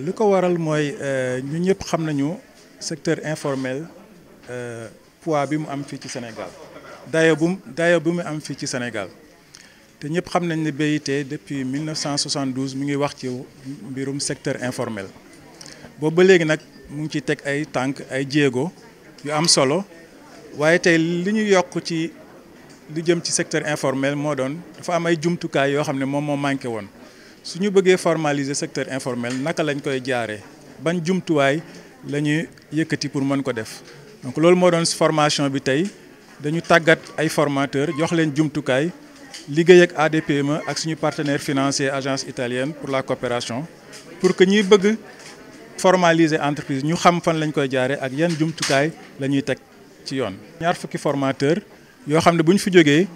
waaw li ko waral mooy euh, ñu ñëpp xam secteur informel euh, poids bi mu am fii ci Sénégal dayo bu dayo bi mu am fii ci Sénégal te ñëpp xam nañ BIT depuis 1972 mi ngi wax ci mbirum secteur informel boobu ba léegi nag mu ngi ci teg ay tànk ay jéego yu am solo waaye tey li ñu ci li jëm ci secteur informel moo doon dafa am ay jumtukaay yoo xam ne moom moo manqué woon su ñu formaliser secteur informel naka lañ koy jaaree ban jumtuwaay la ñuy pour mën ko def donc loolu moo doon formation bi tey dañu tàggat ay formateurs jox leen jumtukaay liggéey ak ADPME ak suñu partenaire financier agence italienne pour la coopération pour que ñuy bëgg formaliser entreprise ñu xam fan lañ koy jaaree ak yan jumtukaay la ñuy teg ci yoon. ñaar fukki formateur yoo xam ne bu fi jógee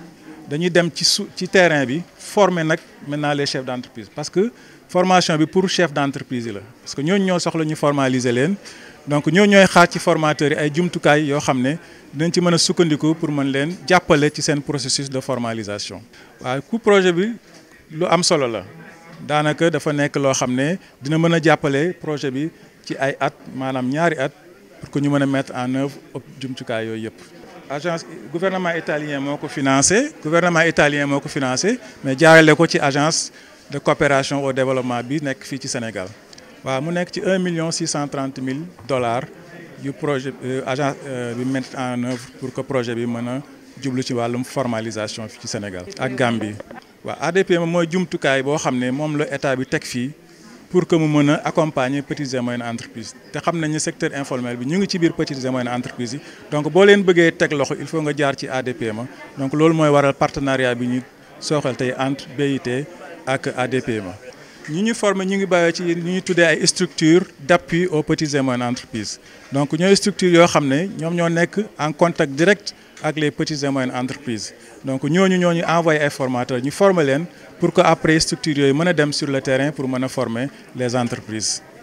dañuy dem ci ci terrain bi former nak maintenant les chefs d'entreprise parce que formation bi pour chef d'entreprise la parce que ñooñu ñoo soxla ñu formaliser leen donc ñoo ñooy xaar ci formateur ay jumtukaay yo xam ne dinañ ci mëna a sukkandiku pour mën leen jappalé ci sen processus de formalisation. waaw coup projet bi lu am solo la danaka dafa nek lo xam dina mëna jappalé projet bi ci ay at manam ñaari at pour que ñu mëna mettre en œuvre jumtukaay yooyu yëpp agence gouvernement italien moko financé gouvernement italien moko financé mais jaarale ko ci agence de coopération au développement bi nek fi ci Sénégal wa mu nek ci 1 million 630 000 dollars du projet euh, agence euh, bi mettre en œuvre pour que projet bi meuna djublu ci walum formalisation fi ci Sénégal ak Gambie wa ADP moy mooy bo xamné mom le état bi tek fi pour que mu mën a accompagner petites et moyennes entreprises te xam nañu secteur informel bi ñu ngi ci biir petites et moyennes entreprises yi donc boo leen bëggee teg loxo il faut nga jaar ci adp ma donc loolu mooy waral partenariat bi ñu sooxal tey entre BIT ak ADPME Nous nous une structures d'appui aux petites et moyennes entreprises donc nous structures une en contact direct avec les petites et moyennes entreprises. Donc nous, envoyons des formateurs, nous formons pour qu'après les structures puissent sur le terrain pour former les entreprises.